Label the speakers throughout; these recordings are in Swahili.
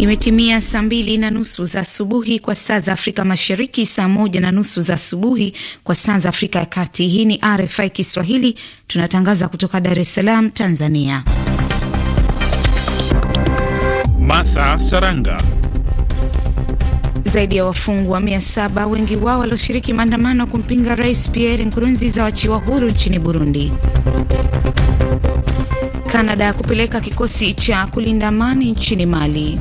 Speaker 1: Imetimia saa mbili na nusu za asubuhi kwa saa za Afrika Mashariki, saa moja na nusu za asubuhi kwa saa za Afrika ya Kati. Hii ni RFI Kiswahili, tunatangaza kutoka Dar es Salaam, Tanzania.
Speaker 2: Martha Saranga.
Speaker 1: Zaidi ya wafungwa mia saba wengi wao walioshiriki maandamano kumpinga Rais Pierre Nkurunziza wachiwa huru nchini Burundi. Kanada kupeleka kikosi cha kulinda amani nchini Mali.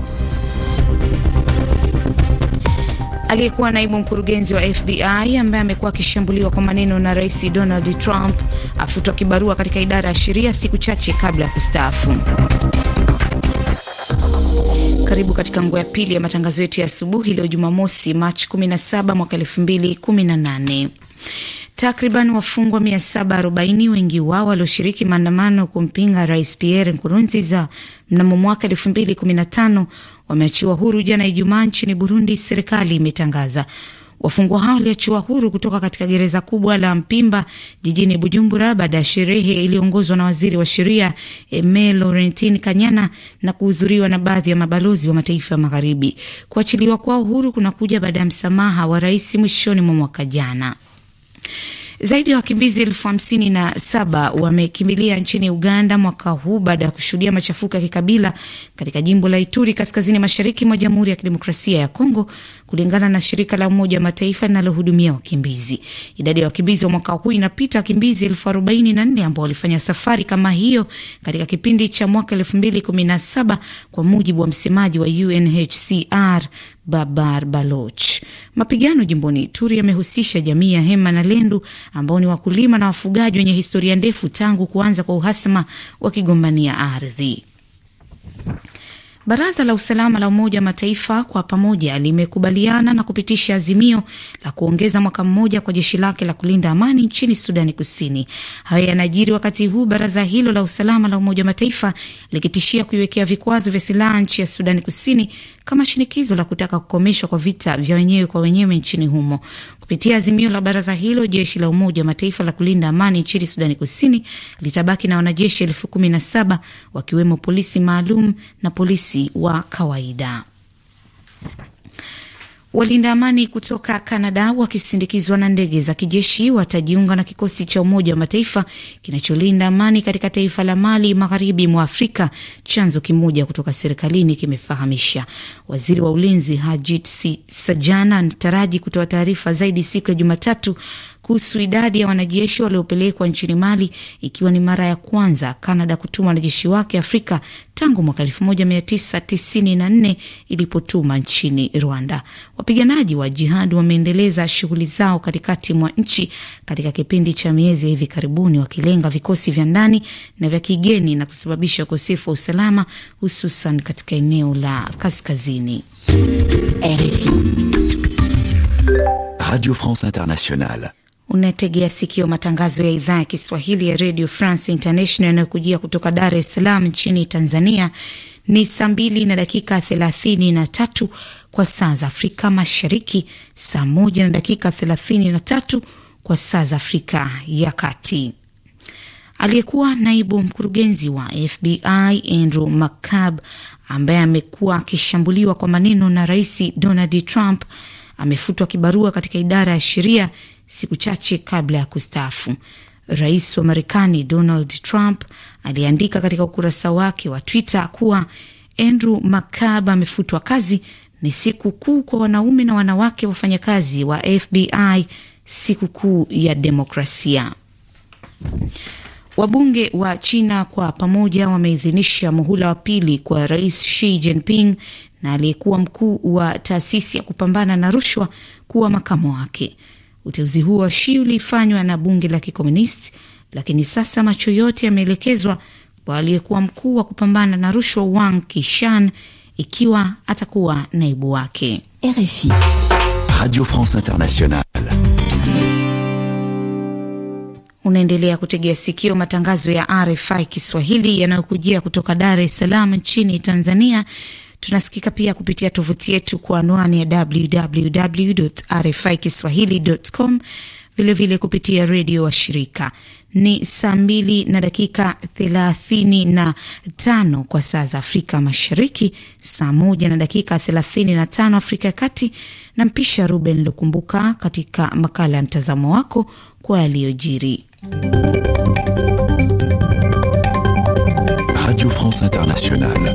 Speaker 1: Aliyekuwa naibu mkurugenzi wa FBI ambaye amekuwa akishambuliwa kwa maneno na Rais Donald Trump afutwa kibarua katika idara ya sheria siku chache kabla ya kustaafu. Karibu katika nguo ya pili ya matangazo yetu ya asubuhi leo Jumamosi, Machi 17 mwaka 2018. Takriban wafungwa 740 wengi wao walioshiriki maandamano kumpinga rais Pierre Nkurunziza mnamo mwaka 2015 wameachiwa huru jana Ijumaa nchini Burundi, serikali imetangaza. Wafungwa hao waliachiwa huru kutoka katika gereza kubwa la Mpimba jijini Bujumbura baada ya sherehe iliyoongozwa na waziri wa sheria Aime Laurentin Kanyana na kuhudhuriwa na baadhi ya mabalozi wa mataifa ya Magharibi. Kuachiliwa kwao huru kunakuja baada ya msamaha wa rais mwishoni mwa mwaka jana. Zaidi ya wakimbizi elfu hamsini na saba wamekimbilia nchini Uganda mwaka huu baada ya kushuhudia machafuko ya kikabila katika jimbo la Ituri, kaskazini mashariki mwa Jamhuri ya Kidemokrasia ya Kongo, kulingana na shirika la Umoja wa Mataifa linalohudumia wakimbizi. Idadi ya wakimbizi wa mwaka huu inapita wakimbizi elfu arobaini na nne ambao walifanya safari kama hiyo katika kipindi cha mwaka elfu mbili kumi na saba, kwa mujibu wa msemaji wa UNHCR Babar Baloch. Mapigano jimboni Ituri yamehusisha jamii ya Hema na Lendu ambao ni wakulima na wafugaji wenye historia ndefu tangu kuanza kwa uhasama wakigombania ardhi. Baraza la usalama la Umoja wa Mataifa kwa pamoja limekubaliana na kupitisha azimio la kuongeza mwaka mmoja kwa jeshi lake la kulinda amani nchini Sudani Kusini. Hayo yanajiri wakati huu baraza hilo la usalama la Umoja wa Mataifa likitishia kuiwekea vikwazo vya silaha nchi ya Sudani Kusini kama shinikizo la kutaka kukomeshwa kwa vita vya wenyewe kwa wenyewe nchini humo. Kupitia azimio la baraza hilo, jeshi la Umoja wa Mataifa la kulinda amani nchini Sudani Kusini litabaki na wanajeshi elfu kumi na saba wakiwemo polisi maalum na polisi wa kawaida. Walinda amani kutoka Kanada wakisindikizwa na ndege za kijeshi watajiunga na kikosi cha Umoja wa Mataifa kinacholinda amani katika taifa la Mali, magharibi mwa Afrika, chanzo kimoja kutoka serikalini kimefahamisha. Waziri wa Ulinzi Hajit Sajana anataraji kutoa taarifa zaidi siku ya Jumatatu kuhusu idadi ya wanajeshi waliopelekwa nchini Mali, ikiwa ni mara ya kwanza Kanada kutuma wanajeshi wake Afrika tangu mwaka 1994 ilipotuma nchini Rwanda. Wapiganaji wa jihadi wameendeleza shughuli zao katikati mwa nchi katika kipindi cha miezi ya hivi karibuni, wakilenga vikosi vya ndani na vya kigeni na kusababisha ukosefu wa usalama hususan katika eneo la kaskazini. RFI
Speaker 3: Radio France Internationale.
Speaker 1: Unategea sikio matangazo ya idhaa ya Kiswahili ya Radio France International yanayokujia kutoka Dar es Salaam nchini Tanzania. Ni saa mbili na dakika thelathini na tatu kwa saa za Afrika Mashariki, saa moja na dakika thelathini na tatu kwa saa za Afrika ya Kati. Aliyekuwa naibu mkurugenzi wa FBI Andrew mccab ambaye amekuwa akishambuliwa kwa maneno na Rais Donald Trump amefutwa kibarua katika idara ya sheria siku chache kabla ya kustaafu. Rais wa Marekani Donald Trump aliandika katika ukurasa wake wa Twitter kuwa Andrew McCabe amefutwa kazi. Ni siku kuu kwa wanaume na wanawake wafanyakazi wa FBI, siku kuu ya demokrasia. Wabunge wa China kwa pamoja wameidhinisha muhula wa pili kwa Rais Xi Jinping na aliyekuwa mkuu wa taasisi ya kupambana na rushwa kuwa makamu wake. Uteuzi huo wa Shi ulifanywa na bunge la kikomunisti, lakini sasa macho yote yameelekezwa kwa aliyekuwa mkuu wa kupambana na rushwa Wang Kishan, ikiwa atakuwa naibu wake. RFI,
Speaker 3: Radio France Internationale.
Speaker 1: Unaendelea kutegea sikio matangazo ya RFI Kiswahili yanayokujia kutoka Dar es Salaam nchini Tanzania Tunasikika pia kupitia tovuti yetu kwa anwani ya www RFI kiswahilicom, vilevile kupitia redio wa shirika. Ni saa mbili na dakika thelathini na tano kwa saa za Afrika Mashariki, saa moja na dakika thelathini na tano Afrika ya Kati. Na mpisha Ruben Lukumbuka katika makala ya mtazamo wako kwa yaliyojiri
Speaker 3: France Internationale.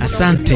Speaker 4: Asante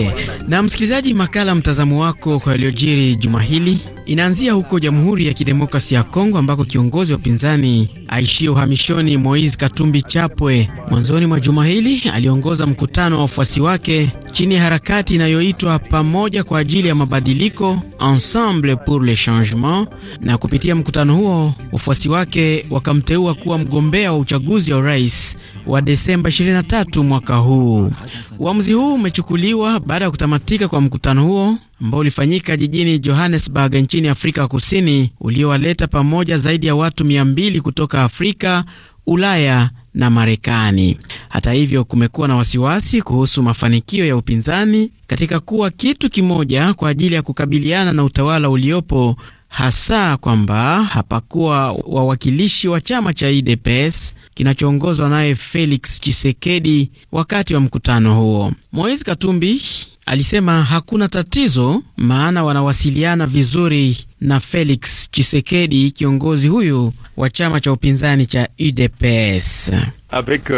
Speaker 4: na msikilizaji, makala mtazamo wako kwa yaliyojiri juma hili Inaanzia huko Jamhuri ya Kidemokrasia ya Kongo ambako kiongozi wa upinzani aishie uhamishoni Moise Katumbi Chapwe mwanzoni mwa juma hili aliongoza mkutano wa wafuasi wake chini ya harakati inayoitwa pamoja kwa ajili ya mabadiliko, ensemble pour le changement, na kupitia mkutano huo wafuasi wake wakamteua kuwa mgombea wa uchaguzi wa urais wa Desemba 23 mwaka huu. Uamuzi huu umechukuliwa baada ya kutamatika kwa mkutano huo ambao ulifanyika jijini Johannesburg nchini Afrika Kusini, uliowaleta pamoja zaidi ya watu 200 kutoka Afrika, Ulaya na Marekani. Hata hivyo, kumekuwa na wasiwasi kuhusu mafanikio ya upinzani katika kuwa kitu kimoja kwa ajili ya kukabiliana na utawala uliopo, hasa kwamba hapakuwa wawakilishi wa chama cha UDPS kinachoongozwa naye Felix chisekedi wakati wa mkutano huo. Moise Katumbi alisema hakuna tatizo, maana wanawasiliana vizuri na Felix Chisekedi, kiongozi huyu wa chama cha upinzani cha UDPS.
Speaker 2: Avec, uh,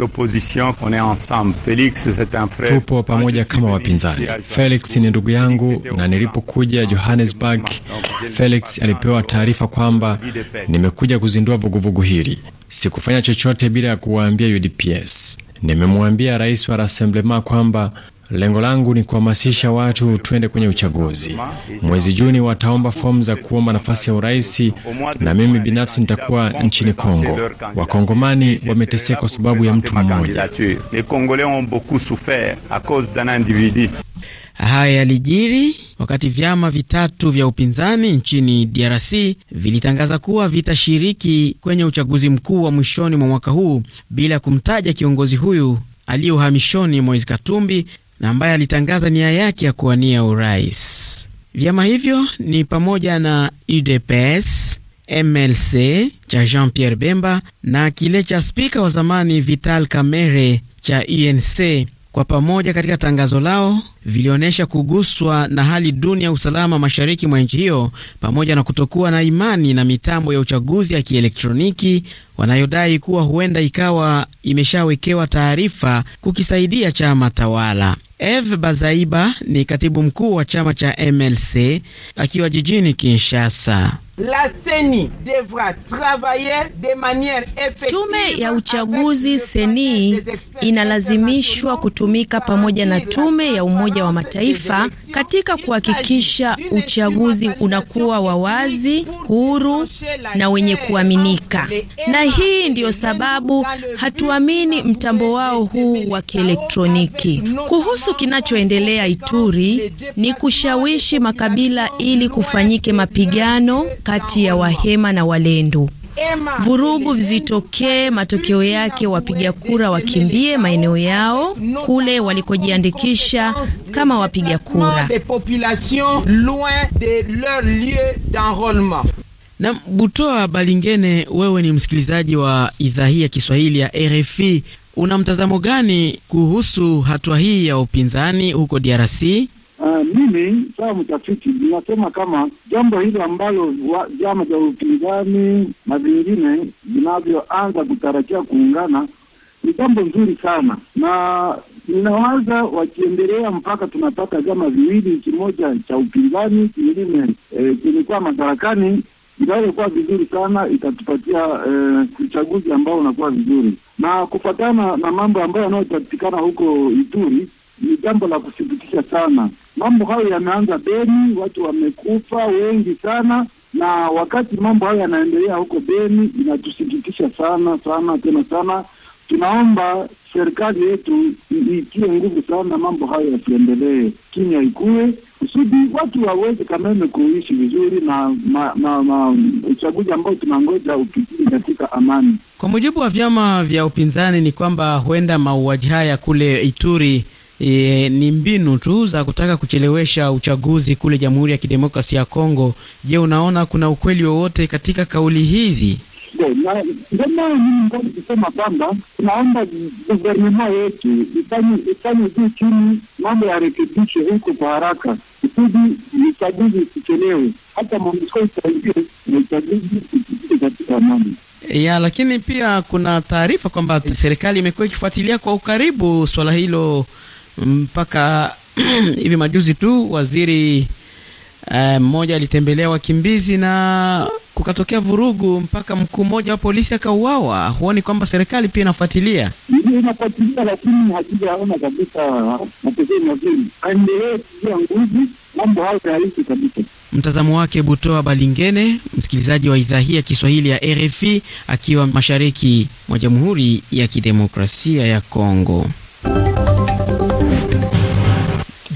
Speaker 2: l'opposition on est ensemble. Felix, c'est un frère.
Speaker 5: Tupo pamoja kama wapinzani. Felix ni ndugu yangu, na nilipokuja Johannesburg, Felix alipewa euh, taarifa kwamba nimekuja kuzindua vuguvugu hili. Sikufanya chochote bila ya kuwaambia UDPS. Nimemwambia rais wa Rassemblement kwamba Lengo langu ni kuhamasisha watu tuende kwenye uchaguzi. Mwezi Juni wataomba fomu za kuomba nafasi ya urais, na mimi binafsi nitakuwa nchini Kongo. Wakongomani wameteseka kwa sababu ya mtu mmoja.
Speaker 4: Haya yalijiri wakati vyama vitatu vya upinzani nchini DRC vilitangaza kuwa vitashiriki kwenye uchaguzi mkuu wa mwishoni mwa mwaka huu bila kumtaja kiongozi huyu aliye uhamishoni Moise Katumbi na ambaye alitangaza nia yake ya kuwania urais. Vyama hivyo ni pamoja na UDPS, MLC cha Jean Pierre Bemba na kile cha spika wa zamani Vital Kamerhe cha UNC kwa pamoja katika tangazo lao vilionyesha kuguswa na hali duni ya usalama mashariki mwa nchi hiyo pamoja na kutokuwa na imani na mitambo ya uchaguzi ya kielektroniki wanayodai kuwa huenda ikawa imeshawekewa taarifa kukisaidia chama tawala. Eve Bazaiba ni katibu mkuu wa chama cha MLC akiwa jijini Kinshasa la CENI devra travailler de maniere effective. Tume ya uchaguzi
Speaker 1: CENI inalazimishwa kutumika pamoja na tume ya Umoja wa Mataifa katika kuhakikisha uchaguzi unakuwa wa wazi, huru na wenye kuaminika, na hii ndiyo sababu hatuamini mtambo wao huu wa kielektroniki. Kuhusu kinachoendelea Ituri, ni kushawishi makabila ili kufanyike mapigano kati ya Wahema na Walendu. Vurugu zitokee, matokeo yake wapiga kura wakimbie maeneo yao kule walikojiandikisha kama wapiga kura.
Speaker 4: Na Butoa Balingene, wewe ni msikilizaji wa idhaa hii ya Kiswahili ya RFI, una mtazamo gani kuhusu hatua hii ya upinzani huko DRC?
Speaker 6: Uh, mimi kama mtafiti ninasema kama jambo hilo ambalo vyama vya upinzani na vingine vinavyoanza kutarajia kuungana ni jambo nzuri sana, na ninawaza wakiendelea mpaka tunapata vyama viwili, kimoja cha upinzani, kingine eh, kilikuwa madarakani, inaweza vizuri sana, itatupatia eh, uchaguzi ambao unakuwa vizuri, na kufatana na mambo ambayo yanayopatikana huko Ituri ni jambo la kusikitisha sana. Mambo hayo yameanza Beni, watu wamekufa wengi sana, na wakati mambo hayo yanaendelea huko Beni, inatusikitisha sana sana tena sana. Tunaomba serikali yetu itie nguvu sana, mambo hayo yasiendelee, kimya ikuwe kusudi watu waweze Kameme kuishi vizuri na, ma, ma, ma, uchaguzi ambao tunangoja upitie katika amani.
Speaker 4: Kwa mujibu wa vyama vya upinzani ni kwamba huenda mauaji haya kule Ituri E, ni mbinu tu za kutaka kuchelewesha uchaguzi kule Jamhuri ya Kidemokrasia ya Kongo. Je, unaona kuna ukweli wowote katika kauli hizi?
Speaker 6: Ndio maana mimi ngoja kusema kwamba naomba guvernema yetu ifanye juu chini, mambo yarekebishe huko kwa haraka, kusudi uchaguzi usichelewe, hata MONUSCO isaidie na uchaguzi usipite katika amani
Speaker 4: ya lakini pia kuna taarifa kwamba serikali imekuwa ikifuatilia kwa ukaribu swala hilo mpaka hivi majuzi tu waziri eh, mmoja alitembelea wakimbizi na kukatokea vurugu mpaka mkuu mmoja wa polisi akauawa. Huoni kwamba serikali pia inafuatilia?
Speaker 6: Inafuatilia, lakini hakijaona kabisa matokeo mazuri. Aendelee kutia nguvu, mambo hayo hayaishi kabisa.
Speaker 4: Mtazamo wake Butoa Balingene, msikilizaji wa idhaa hii ya Kiswahili ya RFI akiwa mashariki mwa Jamhuri ya Kidemokrasia ya Kongo.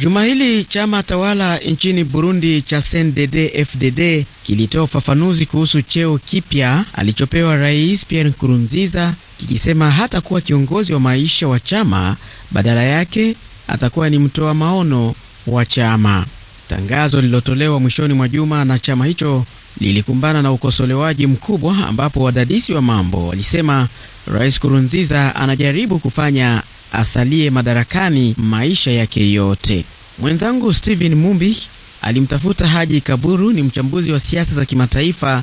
Speaker 4: Juma hili chama tawala nchini Burundi cha CNDD-FDD kilitoa ufafanuzi kuhusu cheo kipya alichopewa Rais Pierre Nkurunziza kikisema hatakuwa kiongozi wa maisha wa chama, badala yake atakuwa ni mtoa maono wa chama. Tangazo lililotolewa mwishoni mwa juma na chama hicho lilikumbana na ukosolewaji mkubwa, ambapo wadadisi wa mambo walisema Rais Kurunziza anajaribu kufanya asalie madarakani maisha yake yote. Mwenzangu Steven Mumbi alimtafuta Haji Kaburu, ni mchambuzi wa siasa za kimataifa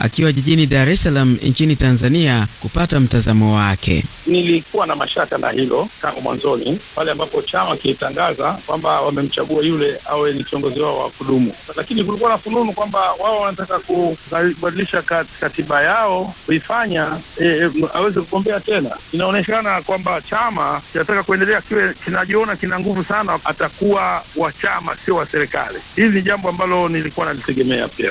Speaker 4: akiwa jijini Dar es Salaam nchini Tanzania kupata mtazamo wake.
Speaker 2: Nilikuwa na mashaka na hilo tangu mwanzoni, pale ambapo chama kilitangaza kwamba wamemchagua yule awe ni kiongozi wao wa kudumu, lakini kulikuwa na fununu kwamba wao wanataka kubadilisha kat, katiba yao kuifanya e, e, aweze kugombea tena. Inaonekana kwamba chama kinataka kuendelea kiwe kinajiona kina nguvu sana, atakuwa wa chama sio wa serikali. Hili ni jambo ambalo nilikuwa nalitegemea pia.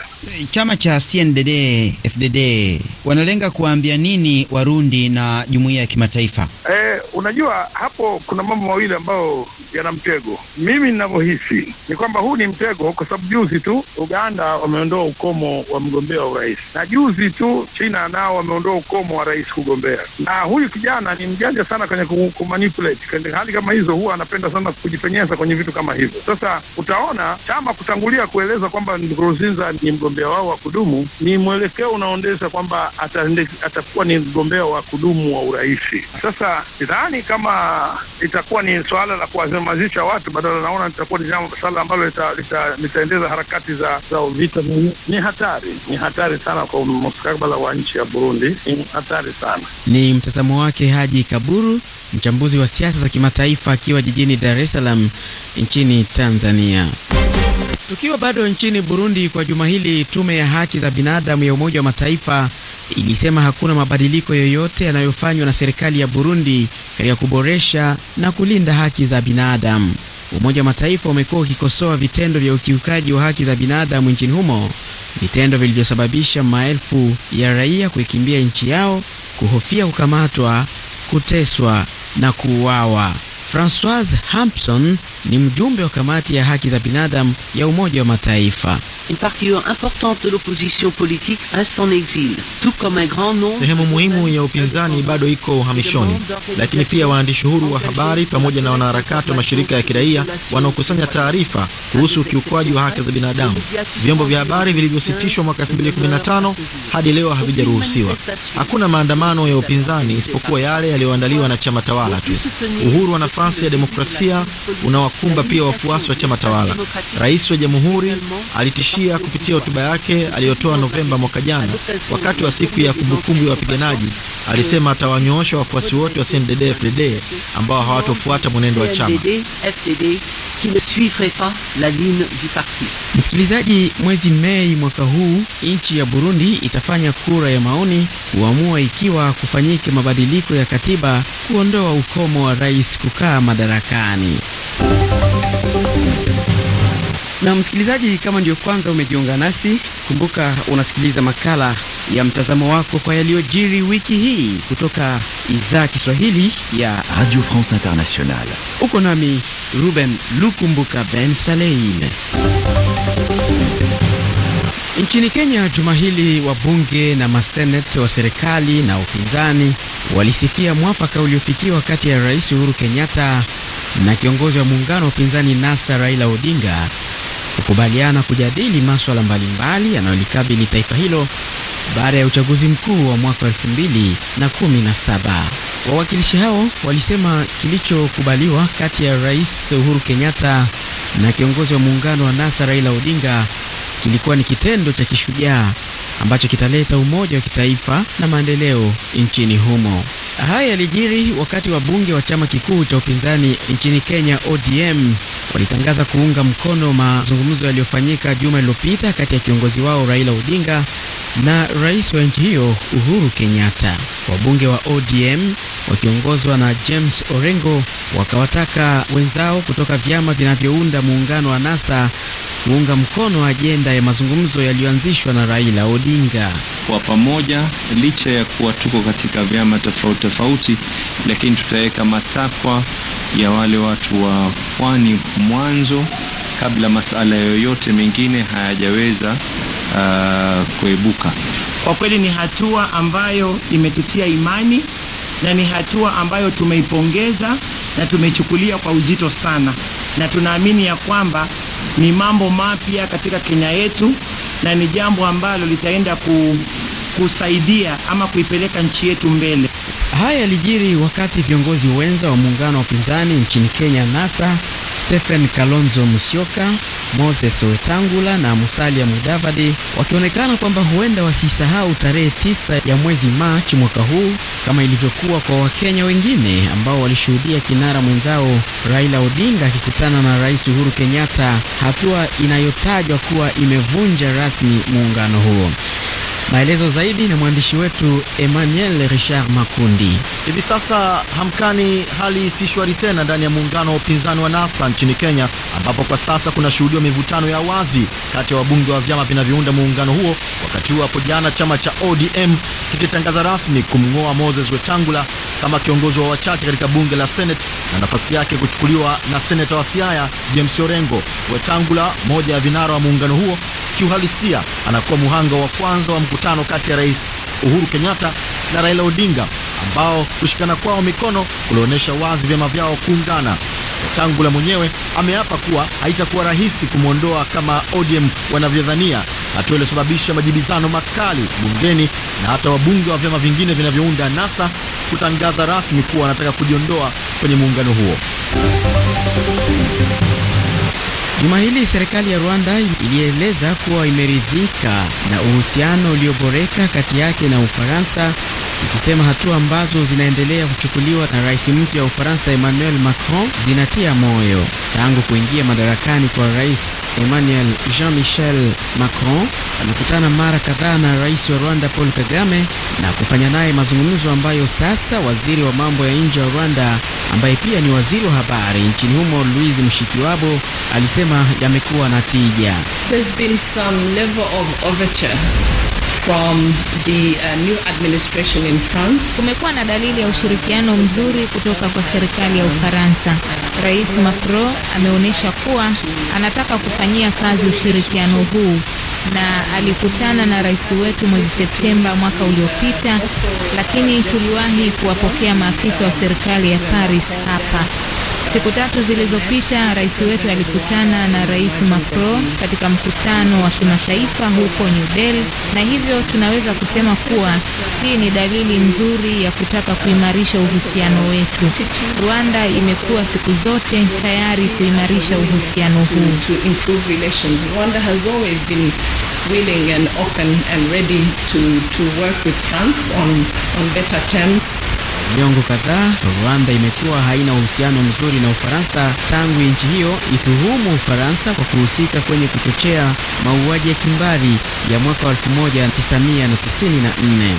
Speaker 3: Chama cha CNDD FDD, wanalenga kuambia nini Warundi na jumuiya ya kimataifa?
Speaker 2: Eh, unajua hapo kuna mambo mawili ambayo yana mtego. Mimi ninavyohisi ni kwamba huu ni mtego, kwa sababu juzi tu Uganda wameondoa ukomo wa mgombea wa urais, na juzi tu China nao wameondoa ukomo wa rais kugombea, na huyu kijana ni mjanja sana kwenye kumanipulate kwenye hali kama hizo, huwa anapenda sana kujipenyeza kwenye vitu kama hivyo. Sasa utaona chama kutangulia kueleza kwamba Nkurunziza ni mgombea wao wa kudumu ni mwele mwelekeo unaondeza kwamba atakuwa ni mgombea wa kudumu wa urais. Sasa sidhani kama itakuwa ni suala la kuwanyamazisha watu, badala naona itakuwa ni swala ambalo litaendeza harakati za, za vita. Ni hatari, ni hatari sana kwa mustakabala wa nchi ya Burundi, ni hatari sana.
Speaker 4: Ni mtazamo wake Haji Kaburu, mchambuzi wa siasa za kimataifa, akiwa jijini Dar es Salaam nchini Tanzania. Tukiwa bado nchini Burundi, kwa juma hili, tume ya haki za binadamu ya Umoja wa Mataifa ilisema hakuna mabadiliko yoyote yanayofanywa na serikali ya Burundi katika kuboresha na kulinda haki za binadamu. Umoja wa Mataifa umekuwa ukikosoa vitendo vya ukiukaji wa haki za binadamu nchini humo, vitendo vilivyosababisha maelfu ya raia kuikimbia nchi yao kuhofia kukamatwa, kuteswa na kuuawa. Francoise Hampson ni mjumbe wa kamati ya haki za binadamu ya Umoja wa Mataifa.
Speaker 5: Sehemu muhimu ya upinzani bado iko uhamishoni, lakini pia waandishi huru wa habari pamoja na wanaharakati wa mashirika ya kiraia wanaokusanya taarifa kuhusu ukiukwaji wa haki za binadamu. Vyombo vya habari vilivyositishwa mwaka 2015 hadi leo havijaruhusiwa. Hakuna maandamano ya upinzani isipokuwa yale yaliyoandaliwa na chama tawala tu. Uhuru wa nafasi ya demokrasia unawa yanawakumba pia wafuasi wa chama tawala. Rais wa Jamhuri alitishia kupitia hotuba yake aliyotoa Novemba mwaka jana wakati wa siku ya kumbukumbu ya wapiganaji. Alisema atawanyoosha wafuasi wote wa CNDD-FDD ambao hawatofuata mwenendo wa chama. Msikilizaji, mwezi Mei mwaka huu nchi ya
Speaker 4: Burundi itafanya kura ya maoni kuamua ikiwa kufanyike mabadiliko ya katiba kuondoa ukomo wa rais kukaa madarakani. Na msikilizaji, kama ndio kwanza umejiunga nasi, kumbuka unasikiliza makala ya mtazamo wako kwa yaliyojiri wiki hii kutoka idhaa Kiswahili
Speaker 3: ya Radio France Internationale.
Speaker 4: Uko nami Ruben Lukumbuka Ben Saleim. Nchini Kenya juma hili wabunge na maseneta wa serikali na upinzani walisifia mwafaka uliofikiwa kati ya Rais Uhuru Kenyatta na kiongozi wa muungano wa upinzani NASA Raila Odinga kukubaliana kujadili maswala mbalimbali yanayolikabili taifa hilo baada ya uchaguzi mkuu wa mwaka saba. Wawakilishi hao walisema kilichokubaliwa kati ya Rais Uhuru Kenyatta na kiongozi wa muungano wa NASA Raila Odinga kilikuwa ni kitendo cha kishujaa ambacho kitaleta umoja wa kitaifa na maendeleo nchini humo. Haya yalijiri wakati wa bunge wa chama kikuu cha upinzani nchini Kenya ODM walitangaza kuunga mkono mazungumzo yaliyofanyika juma lililopita kati ya kiongozi wao Raila Odinga na rais wa nchi hiyo Uhuru Kenyatta. Wabunge wa ODM wakiongozwa na James Orengo wakawataka wenzao kutoka vyama vinavyounda muungano wa NASA kuunga mkono ajenda ya mazungumzo yaliyoanzishwa na Raila Odinga.
Speaker 7: Kwa pamoja, licha ya kuwa tuko katika vyama tofauti tofauti, lakini tutaweka matakwa ya wale watu wa pwani mwanzo kabla masala yoyote mengine hayajaweza uh, ah, kuebuka. Kwa kweli ni hatua ambayo imetutia imani na ni hatua ambayo tumeipongeza na tumeichukulia kwa uzito sana, na tunaamini ya kwamba ni mambo mapya katika Kenya yetu na ni jambo ambalo litaenda ku, kusaidia ama kuipeleka nchi yetu mbele.
Speaker 4: Haya yalijiri wakati viongozi wenza wa muungano wa upinzani nchini Kenya NASA Stephen Kalonzo Musyoka, Moses Wetangula na Musalia Mudavadi wakionekana kwamba huenda wasisahau tarehe tisa ya mwezi Machi mwaka huu kama ilivyokuwa kwa Wakenya wengine ambao walishuhudia kinara mwenzao Raila Odinga akikutana na Rais Uhuru Kenyatta, hatua inayotajwa kuwa imevunja rasmi muungano huo.
Speaker 5: Maelezo zaidi na
Speaker 4: mwandishi wetu Emmanuel Richard Makundi.
Speaker 5: Hivi sasa Hamkani, hali si shwari tena ndani ya muungano wa upinzani wa NASA nchini Kenya, ambapo kwa sasa kunashuhudiwa mivutano ya wazi kati ya wabunge wa vyama vinavyounda muungano huo. Wakati huo hapo jana, chama cha ODM kikitangaza rasmi kumng'oa Moses Wetangula kama kiongozi wa wachache katika bunge la Senate na nafasi yake kuchukuliwa na seneta wa Siaya James Orengo. Wetangula, moja ya vinara wa muungano huo, kiuhalisia anakuwa muhanga wa kwanza wa mkutano mkutano kati ya Rais Uhuru Kenyatta na Raila Odinga ambao kushikana kwao mikono kulionyesha wazi vyama vyao kuungana. Wetangula mwenyewe ameapa kuwa haitakuwa rahisi kumwondoa kama ODM wanavyodhania, hatua iliyosababisha majibizano makali bungeni na hata wabunge wa vyama vingine vinavyounda NASA kutangaza rasmi kuwa wanataka kujiondoa kwenye muungano huo.
Speaker 4: Juma hili serikali ya Rwanda ilieleza kuwa imeridhika na uhusiano ulioboreka kati yake na Ufaransa, ikisema hatua ambazo zinaendelea kuchukuliwa na rais mpya wa Ufaransa Emmanuel Macron zinatia moyo. Tangu kuingia madarakani kwa rais Emmanuel Jean-Michel Macron, amekutana mara kadhaa na rais wa Rwanda Paul Kagame na kufanya naye mazungumzo ambayo sasa waziri wa mambo ya nje wa Rwanda ambaye pia ni waziri wa habari nchini humo Louise Mushikiwabo alisema anasema yamekuwa na tija.
Speaker 1: Uh, Kumekuwa na dalili ya ushirikiano mzuri kutoka kwa serikali ya Ufaransa. Rais Macron ameonyesha kuwa anataka kufanyia kazi ushirikiano huu na alikutana na rais wetu mwezi Septemba mwaka uliopita, lakini tuliwahi kuwapokea maafisa wa serikali ya Paris hapa. Siku tatu zilizopita rais wetu alikutana na rais Macron katika mkutano wa kimataifa huko New Delhi, na hivyo tunaweza kusema kuwa hii ni dalili nzuri ya kutaka kuimarisha uhusiano wetu. Rwanda imekuwa siku zote tayari kuimarisha uhusiano huu.
Speaker 2: willing and open and ready
Speaker 1: to, to work with France on, on better terms
Speaker 4: miongo kadhaa, Rwanda imekuwa haina uhusiano mzuri na Ufaransa tangu nchi hiyo ituhumu Ufaransa kwa kuhusika kwenye kuchochea mauaji ya kimbari ya mwaka 1994.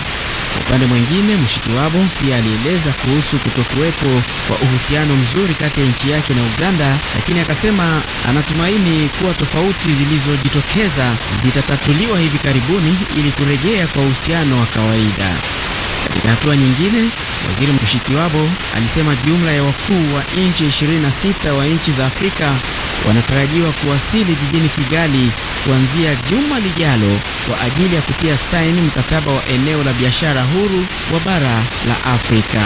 Speaker 4: Kwa upande mwingine, Mushikiwabo pia alieleza kuhusu kutokuwepo kwa uhusiano mzuri kati ya nchi yake na Uganda, lakini akasema anatumaini kuwa tofauti zilizojitokeza zitatatuliwa hivi karibuni ili kurejea kwa uhusiano wa kawaida. Katika hatua nyingine, waziri Mushikiwabo alisema jumla ya wakuu wa nchi 26 wa nchi za Afrika wanatarajiwa kuwasili jijini Kigali kuanzia juma lijalo kwa ajili ya kutia saini mkataba wa eneo la biashara huru wa bara la Afrika.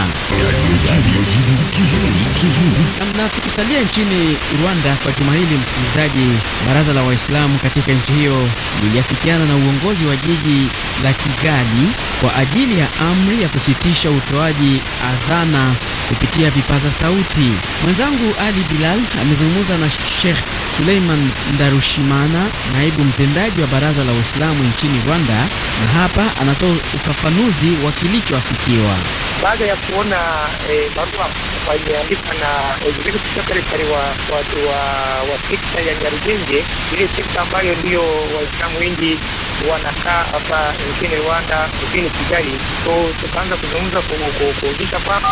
Speaker 4: Na tukisalia nchini Rwanda kwa juma hili, msikilizaji, baraza la Waislamu katika nchi hiyo liliafikiana na uongozi wa jiji la Kigali kwa ajili ya amri ya kusitisha utoaji adhana kupitia vipaza sauti. Mwenzangu Ali Bilal amezungumza na Sheikh Suleiman Ndarushimana, naibu mtendaji wa Baraza la Uislamu nchini Rwanda, na hapa anatoa ufafanuzi wa kilichoafikiwa
Speaker 7: baada ya kuona eh, barua wameandika na waziri kutoka serikali wa watu wa, wa sekta ya Nyarugenge, ile sekta ambayo ndiyo Waislamu wengi wanakaa hapa nchini Rwanda, nchini Kigali. So tukaanza kuzungumza kuonyesha kwamba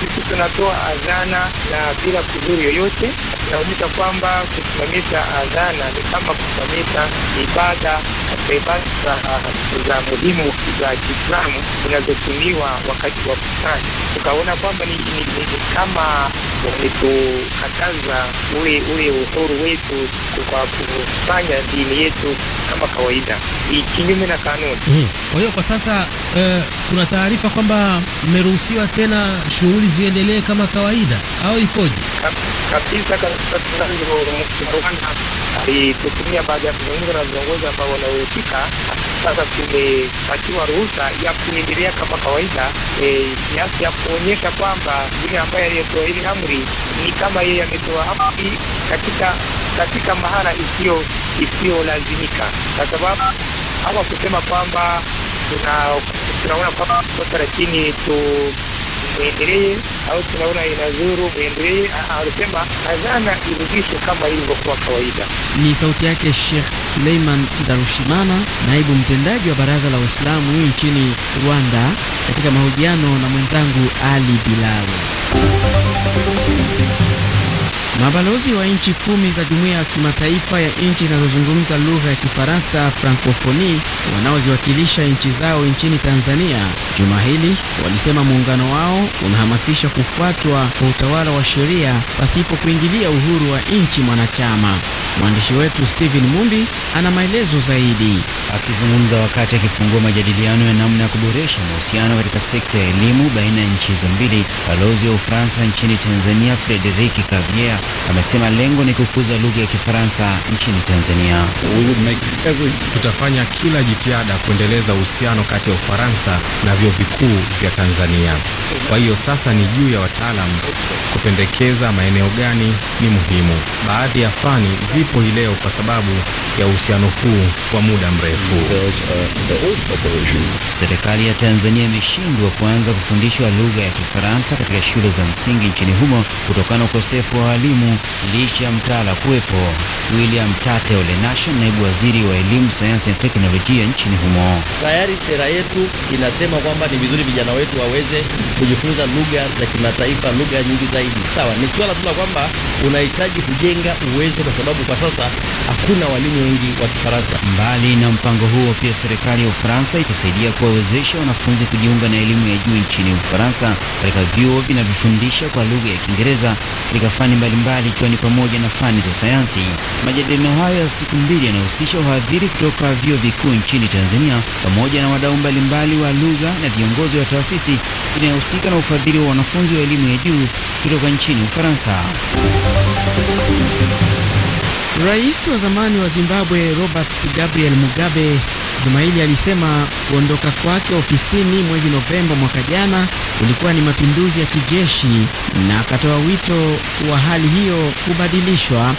Speaker 7: sisi tunatoa adhana na bila kuzuri yoyote, tunaonyesha kwamba kusimamisha adhana ni kama kusimamisha ibada takriban za muhimu za Kiislamu zinazotumiwa wakati wa kusali, tukaona kwamba ni kama wametukataza ule ule uhuru wetu kwa kufanya dini yetu kama kawaida, kinyume na kanuni.
Speaker 1: Hmm.
Speaker 5: Kwa hiyo kwa sasa eh, kuna taarifa kwamba mmeruhusiwa tena shughuli ziendelee kama kawaida au ikoje?
Speaker 7: Kabisa kabisa, alitutumia baada ya kuzungumza na viongozi ambao wanaohusika. Sasa tumepatiwa ruhusa ya kuendelea kama kawaida, e, kiasi ya kuonyesha kwamba yule ambaye aliyetoa ile amri ni kama yeye ametoa amri katika katika mahala isiyolazimika, kwa sababu hawa kusema kwamba tunaona kwamba kosa, lakini tu uendelee au tunaona inazuru uendelee. Anasema ah, ah, adhana irudishwe kama ilivyokuwa kawaida.
Speaker 4: Ni sauti yake Sheikh Suleiman Darushimana, naibu mtendaji wa Baraza la Waislamu nchini Rwanda, katika mahojiano na mwenzangu Ali Bilal. Mabalozi wa nchi kumi za jumuiya ya kimataifa ya nchi zinazozungumza lugha ya Kifaransa Frankofoni wanaoziwakilisha nchi zao nchini Tanzania juma hili walisema muungano wao unahamasisha kufuatwa kwa utawala wa sheria pasipo kuingilia uhuru wa nchi mwanachama.
Speaker 3: Mwandishi wetu Steven Mumbi ana maelezo zaidi. Akizungumza wakati akifungua majadiliano ya namna ya kuboresha mahusiano katika sekta ya elimu baina ya nchi hizo mbili, balozi wa Ufaransa nchini Tanzania Frederic Kavier amesema lengo ni kukuza lugha ya Kifaransa nchini Tanzania.
Speaker 5: tutafanya kila jitihada kuendeleza uhusiano kati ya Ufaransa na vyuo vikuu vya Tanzania. Kwa hiyo sasa ni juu ya wataalam kupendekeza maeneo gani ni muhimu. Baadhi ya fani
Speaker 3: zipo hii leo kwa sababu ya uhusiano huu wa muda mrefu. Uh, Serikali ya Tanzania imeshindwa kuanza kufundishwa lugha ya Kifaransa katika shule za msingi nchini humo kutokana na ukosefu wa walimu licha ya mtaala kuwepo. William Tate Ole naibu waziri wa elimu, sayansi na teknolojia nchini humo: tayari
Speaker 5: sera yetu inasema kwamba ni vizuri vijana wetu waweze kujifunza lugha za kimataifa, lugha nyingi zaidi. Sawa, ni suala tu la kwamba unahitaji kujenga uwezo, kwa sababu kwa
Speaker 3: sasa hakuna walimu wengi wa Kifaransa mbali na Mpango huo pia serikali ya Ufaransa itasaidia kuwawezesha wanafunzi kujiunga na elimu ya juu nchini Ufaransa katika vyuo vinavyofundisha kwa lugha ya Kiingereza katika fani mbalimbali ikiwa ni pamoja na fani za sayansi. Majadiliano hayo ya siku mbili yanahusisha wahadhiri kutoka vyuo vikuu nchini Tanzania pamoja na wadau mbalimbali wa lugha na viongozi wa taasisi inayohusika na ufadhili wa wanafunzi wa elimu ya juu kutoka nchini Ufaransa.
Speaker 4: Rais wa zamani wa Zimbabwe Robert Gabriel Mugabe juma hili alisema kuondoka kwake ofisini mwezi Novemba mwaka jana ulikuwa ni mapinduzi ya kijeshi, na akatoa wito wa hali hiyo kubadilishwa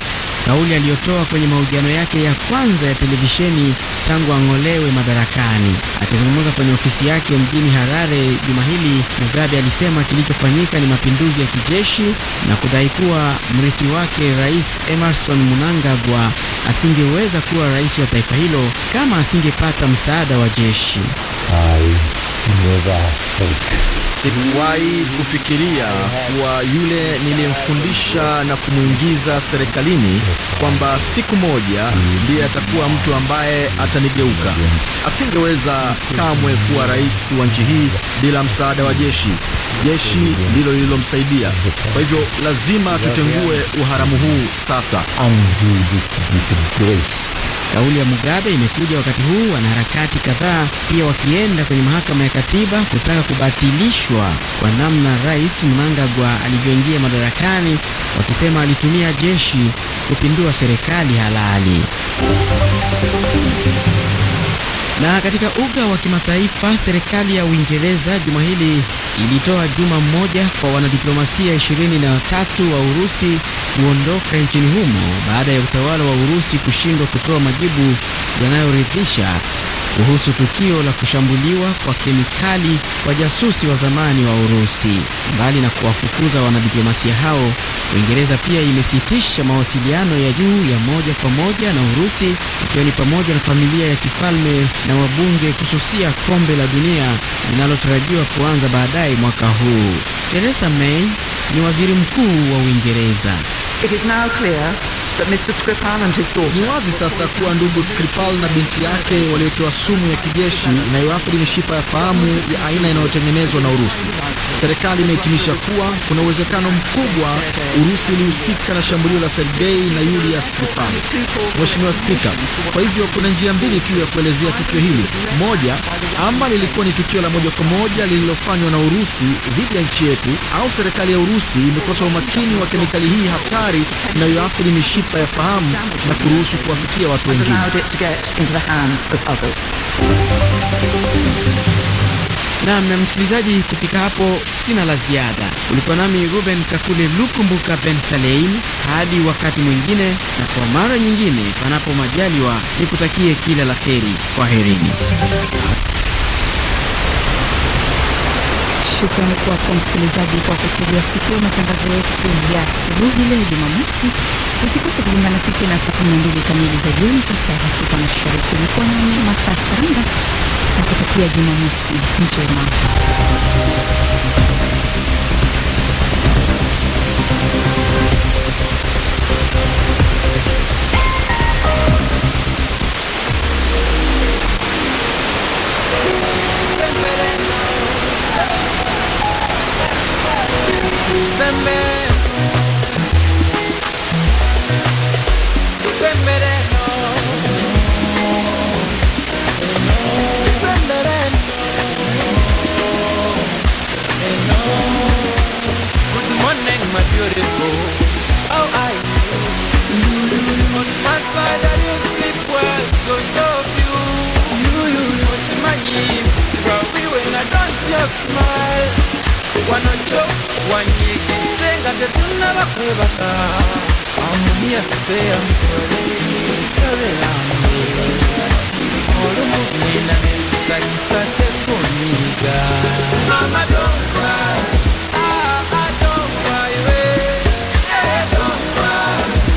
Speaker 4: kauli aliyotoa kwenye mahojiano yake ya kwanza ya televisheni tangu ang'olewe madarakani. Akizungumza kwenye ofisi yake mjini Harare juma hili, Mugabe alisema kilichofanyika ni mapinduzi ya kijeshi na kudai kuwa mrithi wake Rais Emerson Mnangagwa asingeweza kuwa rais wa taifa hilo kama asingepata msaada wa jeshi.
Speaker 5: Sikuwahi kufikiria kuwa yule nilimfundisha na kumwingiza serikalini kwamba siku moja ndiye atakuwa mtu ambaye atanigeuka. Asingeweza kamwe kuwa rais wa nchi hii bila msaada wa jeshi. Jeshi ndilo lililomsaidia. Kwa hivyo lazima tutengue uharamu huu sasa.
Speaker 4: Kauli ya Mugabe imekuja wakati huu wanaharakati kadhaa pia wakienda kwenye mahakama ya katiba kutaka kubatilishwa kwa namna Rais Mnangagwa alivyoingia madarakani, wakisema alitumia jeshi kupindua serikali halali. Na katika uga wa kimataifa, serikali ya Uingereza juma hili ilitoa juma moja kwa wanadiplomasia 23 wa Urusi kuondoka nchini humo baada ya utawala wa Urusi kushindwa kutoa majibu yanayoridhisha kuhusu tukio la kushambuliwa kwa kemikali wajasusi wa zamani wa Urusi. Mbali na kuwafukuza wanadiplomasia hao, Uingereza pia imesitisha mawasiliano ya juu ya moja kwa moja na Urusi, ikiwa ni pamoja na familia ya kifalme na wabunge kususia kombe la dunia linalotarajiwa kuanza baadaye mwaka huu. Theresa May ni waziri mkuu wa Uingereza.
Speaker 5: Ni wazi sasa kuwa ndugu Skripal na binti yake waliotoa sumu ya kijeshi inayoathiri mishipa ya fahamu ya aina inayotengenezwa na Urusi. Serikali imehitimisha kuwa kuna uwezekano mkubwa Urusi ilihusika na shambulio la Sergei na Yulia Skripal. Mheshimiwa Spika, kwa hivyo kuna njia mbili tu ya kuelezea tukio hili. Moja, ama lilikuwa ni tukio la moja kwa moja lililofanywa na Urusi dhidi ya nchi yetu, au serikali ya Urusi imekosa umakini wa kemikali hii hatari inayoathiri mishipa ya fahamu na kuruhusu kuwafikia watu
Speaker 3: wengine.
Speaker 4: Nam na msikilizaji, kufika hapo sina la ziada. Ulikuwa nami Ruben Kakule Lukumbuka Ben Saleim, hadi wakati mwingine, na kwa mara nyingine, panapo majaliwa, nikutakie kila la heri. Kwa herini.
Speaker 1: Shukrani kwako msikilizaji kwa kutegea sikio matangazo yetu ya asubuhi leo Jumamosi. Usikose kujiunga nasi tena saa 12 kamili za jioni kwa saa Afrika Mashariki. Ulikuwa nami Martha Saranga. La fotografia di Manissi in Germania.
Speaker 3: Sembere Sembere
Speaker 7: beautiful. Oh, I
Speaker 2: On my side, I you sleep well because of you. You, you, what you might give. See we when I dance your smile. One on top, one year, then I get to never pay back. I'm here to say I'm sorry,
Speaker 3: sorry, I'm sorry. for sakisate kuniga. Mama, don't cry.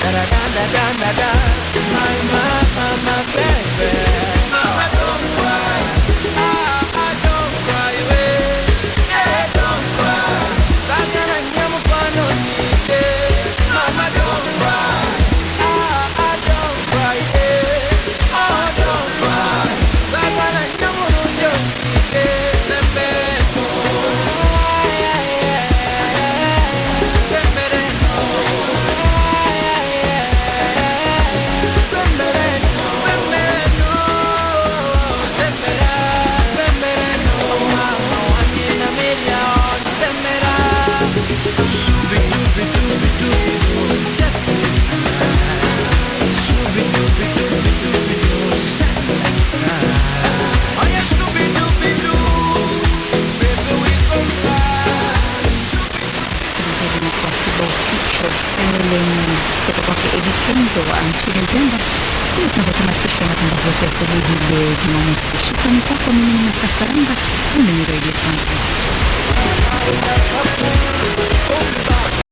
Speaker 4: Da da da da da da My my my
Speaker 3: my baby. Mama don't cry.
Speaker 1: mwisho wa Mchili Mpemba. Hiyo tunavyotamatisha matangazo yetu ya asubuhi leo Jumamosi. Shukrani kwako. Mimi ni Martha mimi ni Radio France.